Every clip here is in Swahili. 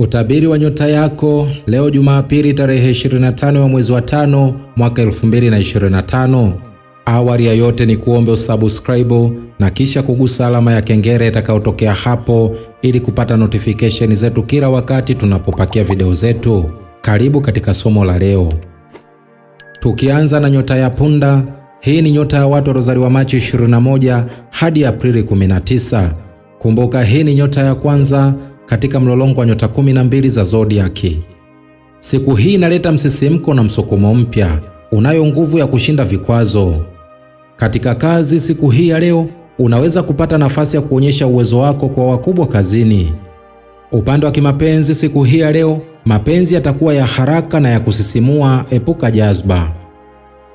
Utabiri wa nyota yako leo Jumapili tarehe 25 ya mwezi wa tano mwaka 2025. Awali ya yote ni kuombe usubscribe na kisha kugusa alama ya kengele itakayotokea hapo ili kupata notification zetu kila wakati tunapopakia video zetu. Karibu katika somo la leo. Tukianza na nyota ya punda, hii ni nyota ya watu waliozaliwa Machi 21 hadi Aprili 19. Kumbuka hii ni nyota ya kwanza katika mlolongo wa nyota kumi na mbili za zodiaki. Siku hii inaleta msisimko na msukumo mpya. Unayo nguvu ya kushinda vikwazo katika kazi. Siku hii ya leo unaweza kupata nafasi ya kuonyesha uwezo wako kwa wakubwa kazini. Upande wa kimapenzi, siku hii ya leo, mapenzi yatakuwa ya haraka na ya kusisimua. Epuka jazba.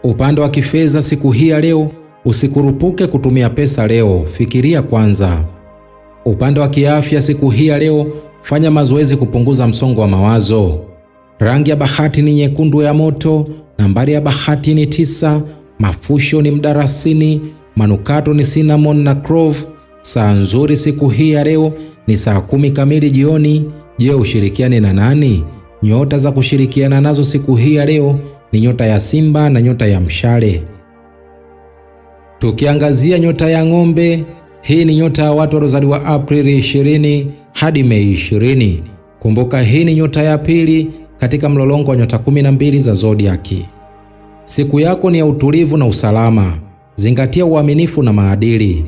Upande wa kifedha, siku hii ya leo, usikurupuke kutumia pesa leo, fikiria kwanza. Upande wa kiafya siku hii ya leo, fanya mazoezi kupunguza msongo wa mawazo. Rangi ya bahati ni nyekundu ya moto. Nambari ya bahati ni tisa. Mafusho ni mdarasini. Manukato ni cinnamon na clove. Saa nzuri siku hii ya leo ni saa kumi kamili jioni. Je, ushirikiane na nani? Nyota za kushirikiana nazo siku hii ya leo ni nyota ya Simba na nyota ya Mshale. Tukiangazia nyota ya Ng'ombe, hii ni nyota ya watu waliozaliwa Aprili 20 hadi Mei 20. Kumbuka hii ni nyota ya pili katika mlolongo wa nyota 12 za zodiaki. Siku yako ni ya utulivu na usalama. Zingatia uaminifu na maadili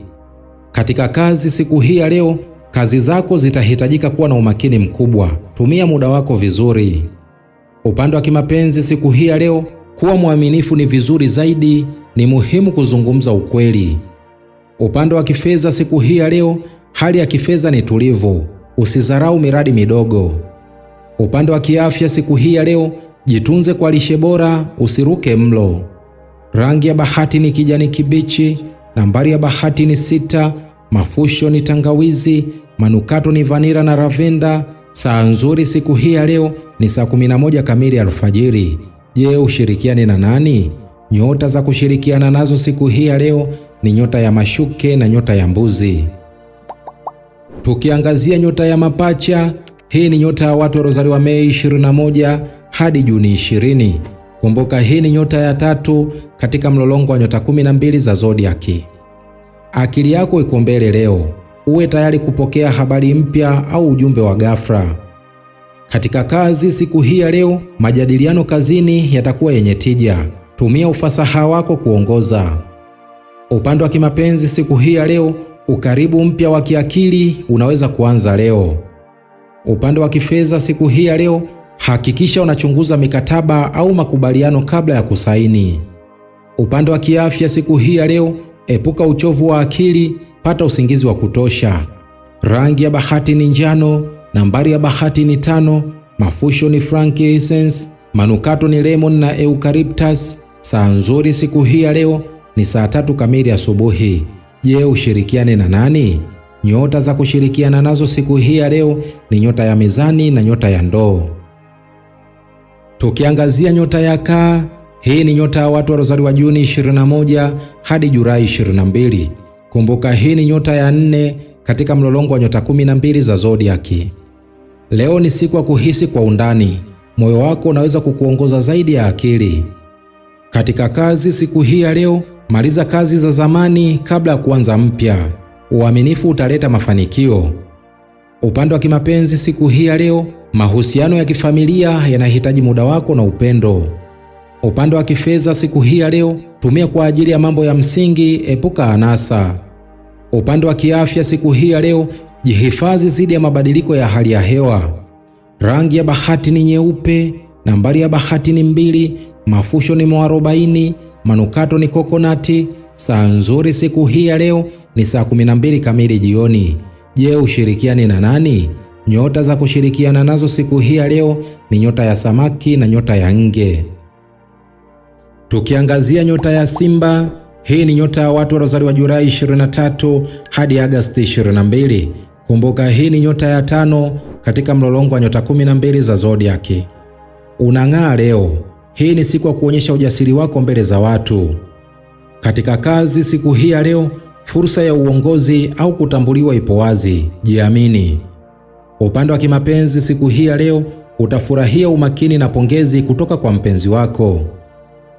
katika kazi. Siku hii ya leo, kazi zako zitahitajika kuwa na umakini mkubwa. Tumia muda wako vizuri. Upande wa kimapenzi, siku hii ya leo, kuwa mwaminifu ni vizuri zaidi. Ni muhimu kuzungumza ukweli. Upande wa kifedha siku hii ya leo, hali ya kifedha ni tulivu, usizarau miradi midogo. Upande wa kiafya siku hii ya leo, jitunze kwa lishe bora, usiruke mlo. Rangi ya bahati ni kijani kibichi, nambari ya bahati ni sita, mafusho ni tangawizi, manukato ni vanira na ravenda Saa nzuri siku hii ya leo ni saa 11 kamili alfajiri. Je, ushirikiane na nani? Nyota za kushirikiana nazo siku hii ya leo ni nyota ya mashuke na nyota ya mbuzi. Tukiangazia nyota ya mapacha, hii ni nyota ya watu waliozaliwa Mei 21 hadi Juni 20. Kumbuka hii ni nyota ya tatu katika mlolongo wa nyota 12 za zodiaki. Akili yako iko mbele leo, uwe tayari kupokea habari mpya au ujumbe wa ghafla. Katika kazi siku hii ya leo, majadiliano kazini yatakuwa yenye tija. Tumia ufasaha wako kuongoza. Upande wa kimapenzi siku hii ya leo, ukaribu mpya wa kiakili unaweza kuanza leo. Upande wa kifedha siku hii ya leo, hakikisha unachunguza mikataba au makubaliano kabla ya kusaini. Upande wa kiafya siku hii ya leo, epuka uchovu wa akili, pata usingizi wa kutosha. Rangi ya bahati ni njano, nambari ya bahati ni tano, mafusho ni frankincense, manukato ni lemon na eucalyptus. Saa nzuri siku hii ya leo ni saa tatu kamili asubuhi. Je, ushirikiane na nani? Nyota za kushirikiana nazo siku hii ya leo ni nyota ya mezani na nyota ya ndoo. Tukiangazia nyota ya kaa, hii ni nyota ya watu waliozaliwa Juni 21 hadi Julai 22. Kumbuka hii ni nyota ya nne katika mlolongo wa nyota 12 za zodiaki. Leo ni siku ya kuhisi kwa undani, moyo wako unaweza kukuongoza zaidi ya akili. Katika kazi siku hii ya leo Maliza kazi za zamani kabla ya kuanza mpya. Uaminifu utaleta mafanikio. Upande wa kimapenzi siku hii ya leo, mahusiano ya kifamilia yanahitaji muda wako na upendo. Upande wa kifedha siku hii ya leo, tumia kwa ajili ya mambo ya msingi, epuka anasa. Upande wa kiafya siku hii ya leo, jihifadhi dhidi ya mabadiliko ya hali ya hewa. Rangi ya bahati ni nyeupe, nambari ya bahati ni mbili, mafusho ni mwarobaini. Manukato ni kokonati. Saa nzuri siku hii ya leo ni saa 12 kamili jioni. Je, ushirikiani na nani? Nyota za kushirikiana nazo siku hii ya leo ni nyota ya samaki na nyota ya nge. Tukiangazia nyota ya Simba, hii ni nyota ya watu waliozaliwa Julai 23 hadi Agosti 22. Kumbuka hii ni nyota ya tano katika mlolongo wa nyota 12 za zodiaki. Unang'aa leo, hii ni siku ya kuonyesha ujasiri wako mbele za watu. Katika kazi siku hii ya leo, fursa ya uongozi au kutambuliwa ipo wazi. Jiamini. Upande wa kimapenzi siku hii ya leo, utafurahia umakini na pongezi kutoka kwa mpenzi wako.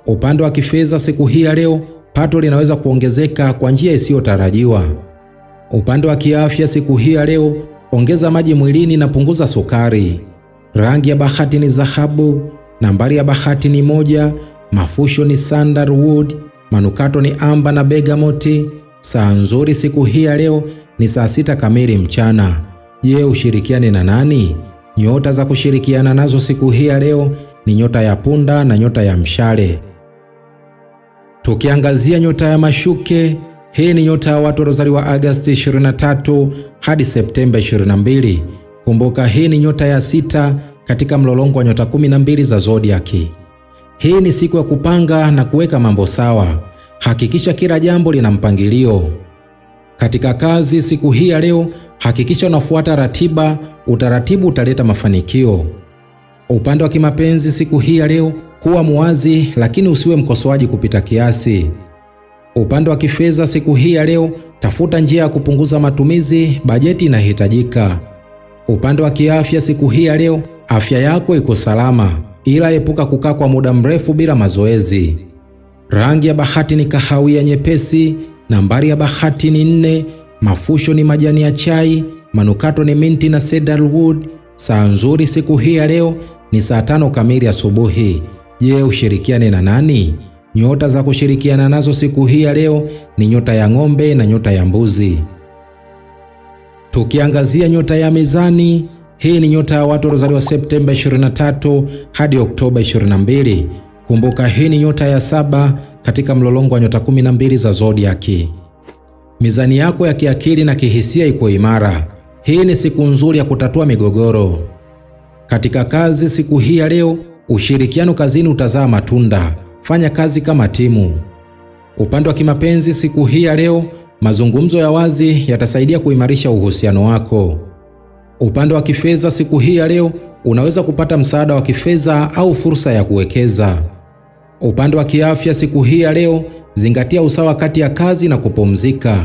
Upande wa kifedha siku hii ya leo, pato linaweza kuongezeka kwa njia isiyotarajiwa. Upande wa kiafya siku hii ya leo, ongeza maji mwilini na punguza sukari. Rangi ya bahati ni dhahabu. Nambari ya bahati ni moja, mafusho ni sandalwood, manukato ni amba na begamoti. Saa nzuri siku hii ya leo ni saa sita kamili mchana. Je, ushirikiane na nani? Nyota za kushirikiana nazo siku hii ya leo ni nyota ya punda na nyota ya mshale. Tukiangazia nyota ya mashuke, hii ni nyota ya watu waliozaliwa Agosti 23 hadi Septemba 22. Kumbuka hii ni nyota ya sita katika mlolongo wa nyota kumi na mbili za zodiaki. Hii ni siku ya kupanga na kuweka mambo sawa. Hakikisha kila jambo lina mpangilio. Katika kazi siku hii ya leo, hakikisha unafuata ratiba. Utaratibu utaleta mafanikio. Upande wa kimapenzi siku hii ya leo, kuwa muwazi lakini usiwe mkosoaji kupita kiasi. Upande wa kifedha siku hii ya leo, tafuta njia ya kupunguza matumizi, bajeti inahitajika. Upande wa kiafya siku hii ya leo Afya yako iko salama, ila epuka kukaa kwa muda mrefu bila mazoezi. Rangi ya bahati ni kahawia nyepesi. Nambari ya bahati ni nne. Mafusho ni majani ya chai. Manukato ni minti na cedarwood. Saa nzuri siku hii ya leo ni saa tano kamili asubuhi. Je, ushirikiane na nani? Nyota za kushirikiana nazo siku hii ya leo ni nyota ya ng'ombe na nyota ya mbuzi. Tukiangazia nyota ya mizani, hii ni Nyota ya Watu waliozaliwa Septemba 23 hadi Oktoba 22. Kumbuka, hii ni nyota ya saba katika mlolongo wa nyota 12 za zodiaki. Mizani yako ya kiakili na kihisia iko imara. Hii ni siku nzuri ya kutatua migogoro. Katika kazi siku hii ya leo, ushirikiano kazini utazaa matunda. Fanya kazi kama timu. Upande wa kimapenzi siku hii ya leo, mazungumzo ya wazi yatasaidia kuimarisha uhusiano wako. Upande wa kifedha siku hii ya leo unaweza kupata msaada wa kifedha au fursa ya kuwekeza. Upande wa kiafya siku hii ya leo, zingatia usawa kati ya kazi na kupumzika.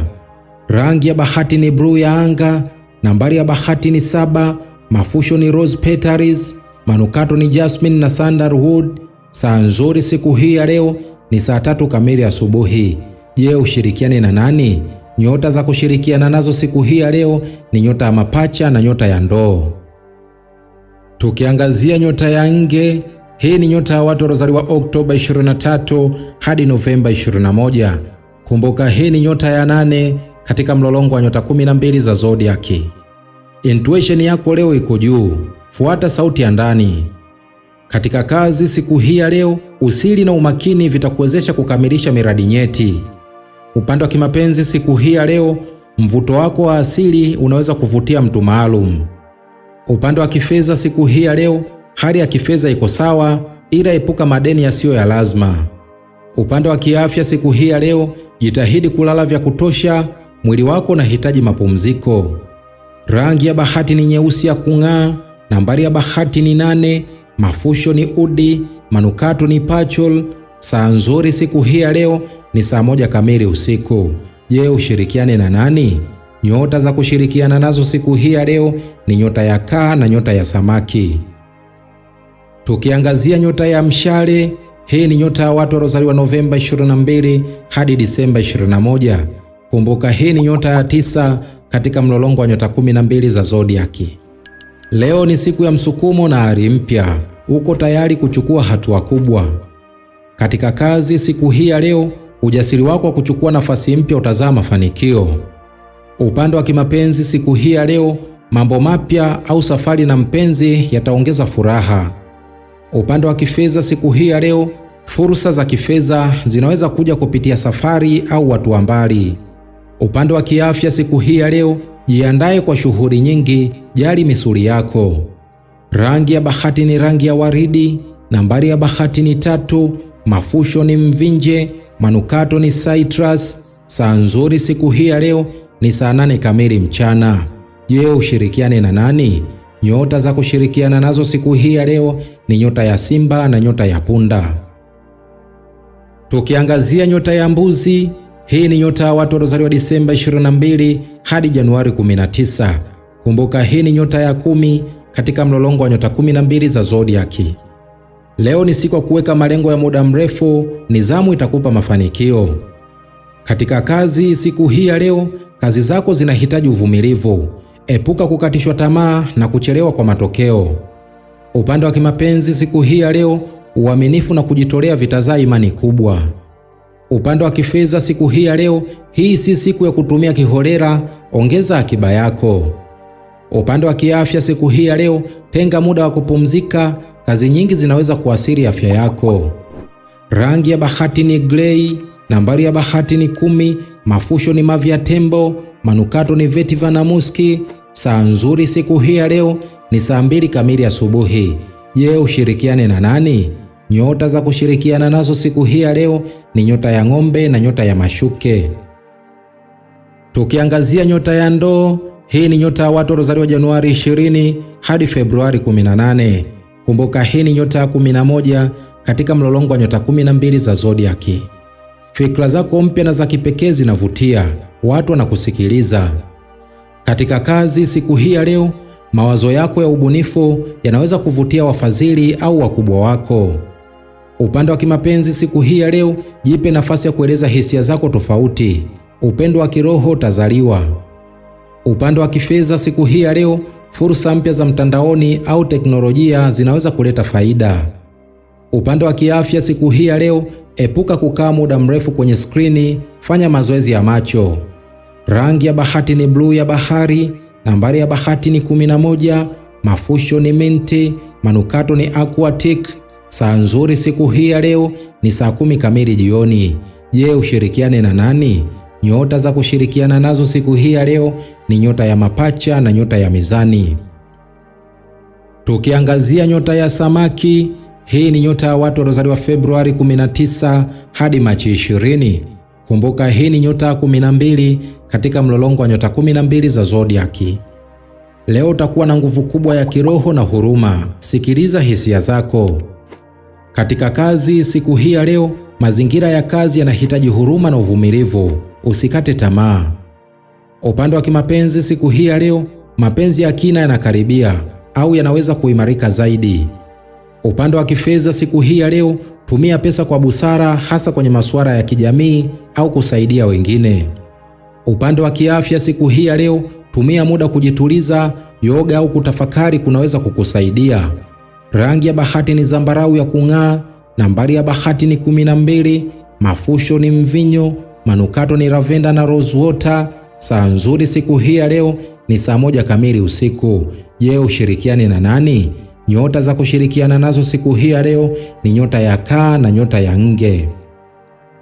Rangi ya bahati ni bluu ya anga. Nambari ya bahati ni saba. Mafusho ni rose petals. Manukato ni jasmine na sandalwood. Saa nzuri siku hii ya leo ni saa tatu kamili asubuhi. Je, ushirikiane na nani? Nyota za kushirikiana nazo siku hii ya leo ni nyota ya mapacha na nyota ya ndoo. Tukiangazia nyota ya nge, hii ni nyota ya watu waliozaliwa Oktoba 23 hadi Novemba 21. Kumbuka, hii ni nyota ya nane katika mlolongo wa nyota 12 za zodiaki. Intuition yako leo iko juu, fuata sauti ya ndani. Katika kazi siku hii ya leo, usiri na umakini vitakuwezesha kukamilisha miradi nyeti. Upande wa kimapenzi siku hii ya leo, mvuto wako wa asili unaweza kuvutia mtu maalum. Upande wa kifedha siku hii ya leo, hali ya kifedha iko sawa, ila epuka madeni yasiyo ya lazima. Upande wa kiafya siku hii ya leo, jitahidi kulala vya kutosha, mwili wako unahitaji mapumziko. Rangi ya bahati ni nyeusi ya kung'aa. Nambari ya bahati ni nane. Mafusho ni udi. Manukato ni pachol. Saa nzuri siku hii ya leo ni saa moja kamili usiku. Je, ushirikiane na nani? Nyota za kushirikiana nazo siku hii ya leo ni nyota ya kaa na nyota ya samaki. Tukiangazia nyota ya mshale, hii ni nyota ya watu waliozaliwa Novemba 22 hadi Disemba 21. Kumbuka hii ni nyota ya tisa katika mlolongo wa nyota 12 za zodiaki. Leo ni siku ya msukumo na ari mpya, uko tayari kuchukua hatua kubwa katika kazi. Siku hii ya leo Ujasiri wako wa kuchukua nafasi mpya utazaa mafanikio. Upande wa kimapenzi siku hii ya leo, mambo mapya au safari na mpenzi yataongeza furaha. Upande wa kifedha siku hii ya leo, fursa za kifedha zinaweza kuja kupitia safari au watu wa mbali. Upande wa kiafya siku hii ya leo, jiandae kwa shughuli nyingi, jali misuli yako. Rangi ya bahati ni rangi ya waridi. Nambari ya bahati ni tatu. Mafusho ni mvinje. Manukato ni citrus. Saa nzuri siku hii ya leo ni saa nane kamili mchana. Je, ushirikiane na nani? Nyota za kushirikiana nazo siku hii ya leo ni nyota ya Simba na nyota ya Punda. Tukiangazia nyota ya Mbuzi, hii ni nyota ya watu waliozaliwa Disemba 22 hadi Januari 19. Kumbuka, hii ni nyota ya kumi katika mlolongo wa nyota 12 za zodiaki. Leo ni siku ya kuweka malengo ya muda mrefu, nidhamu itakupa mafanikio. Katika kazi siku hii ya leo, kazi zako zinahitaji uvumilivu. Epuka kukatishwa tamaa na kuchelewa kwa matokeo. Upande wa kimapenzi siku hii ya leo, uaminifu na kujitolea vitazaa imani kubwa. Upande wa kifedha siku hii ya leo, hii si siku ya kutumia kiholela, ongeza akiba yako. Upande wa kiafya siku hii ya leo, tenga muda wa kupumzika Kazi nyingi zinaweza kuathiri afya yako. Rangi ya bahati ni grey, nambari ya bahati ni kumi, mafusho ni mavi ya tembo, manukato ni vetiva na muski. Saa nzuri siku hii ya leo ni saa mbili kamili asubuhi. Je, ushirikiane na nani? Nyota za kushirikiana nazo siku hii ya leo ni nyota ya ng'ombe na nyota ya mashuke. Tukiangazia nyota ya ndoo, hii ni nyota ya watu waliozaliwa Januari 20 hadi Februari 18. Kumbuka hii ni nyota ya 11 katika mlolongo wa nyota 12 za zodiaki. Fikra zako mpya na za kipekee zinavutia watu, wanakusikiliza. Katika kazi siku hii ya leo, mawazo yako ya ubunifu yanaweza kuvutia wafadhili au wakubwa wako. Upande wa kimapenzi siku hii ya leo, jipe nafasi ya kueleza hisia zako tofauti. Upendo wa kiroho utazaliwa. Upande wa kifedha siku hii ya leo, fursa mpya za mtandaoni au teknolojia zinaweza kuleta faida. Upande wa kiafya, siku hii ya leo, epuka kukaa muda mrefu kwenye skrini, fanya mazoezi ya macho. Rangi ya bahati ni bluu ya bahari. Nambari ya bahati ni 11. Mafusho ni minti. Manukato ni aquatic. Saa nzuri siku hii ya leo ni saa kumi kamili jioni. Je, ushirikiane na nani? Nyota za kushirikiana nazo siku hii ya leo ni nyota ya mapacha na nyota ya mizani. Tukiangazia nyota ya samaki, hii ni nyota ya watu waliozaliwa Februari 19 hadi Machi 20. Kumbuka hii ni nyota ya 12 katika mlolongo wa nyota 12 za zodiaki. Leo utakuwa na nguvu kubwa ya kiroho na huruma. Sikiliza hisia zako. Katika kazi siku hii ya leo, mazingira ya kazi yanahitaji huruma na uvumilivu usikate tamaa. Upande wa kimapenzi siku hii ya leo, mapenzi ya kina yanakaribia au yanaweza kuimarika zaidi. Upande wa kifedha siku hii ya leo, tumia pesa kwa busara, hasa kwenye masuala ya kijamii au kusaidia wengine. Upande wa kiafya siku hii ya leo, tumia muda kujituliza. Yoga au kutafakari kunaweza kukusaidia. Rangi ya bahati ni zambarau ya kung'aa. Nambari ya bahati ni kumi na mbili. Mafusho ni mvinyo. Manukato ni ravenda na rose water. Saa nzuri siku hii ya leo ni saa moja kamili usiku. Je, ushirikiane na nani? Nyota za kushirikiana nazo siku hii ya leo ni nyota ya kaa na nyota ya nge.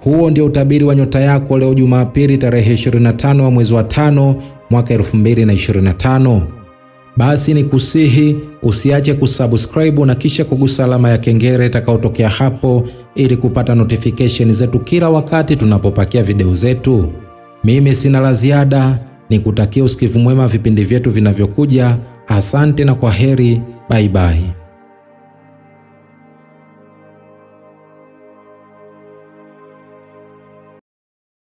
Huo ndio utabiri wa nyota yako leo Jumapili tarehe 25 wa mwezi wa 5 mwaka 2025 basi ni kusihi usiache kusubscribe na kisha kugusa alama ya kengele itakayotokea hapo ili kupata notification zetu kila wakati tunapopakia video zetu. Mimi sina la ziada, kutakia usikivu mwema vipindi vyetu vinavyokuja. Asante na kwa heri, bye bye.